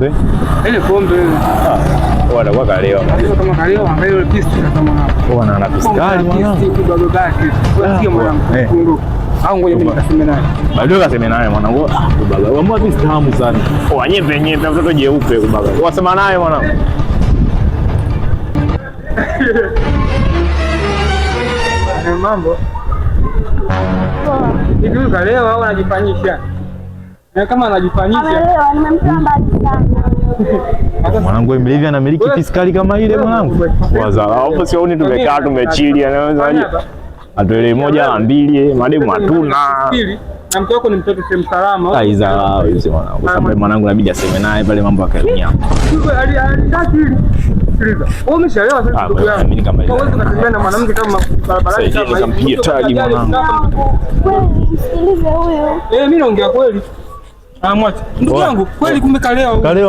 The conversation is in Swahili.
pombe ile pombe ah, wala wakalewa kama kalewa, angalia ile pisti kama hapo, wana na piskali bado baki sio mwanangu eh. au ngoja mimi nikaseme naye bado kaseme naye mwanangu, baba uamua pisti tamu sana, kwa oh, wanyepe nyepe, mtoto jeupe baba, wasema naye mwanangu eh, mambo kalewa au anajifanyisha na eh, kama anajifanyisha. Mwanangu Emilivia anamiliki fiskali kama ile mwanangu. Wazala hapo ni tumekaa tumechili anaweza aje. Atuele moja na mbili, mademu hatuna. Na mke wako ni mtoto sehemu salama. Aizala hizo mwanangu. Sababu mwanangu inabidi aseme naye pale mambo akaemia. Ah, eh, mimi naongea kweli. Ah, Ndugu yangu kweli kumbe kaleo.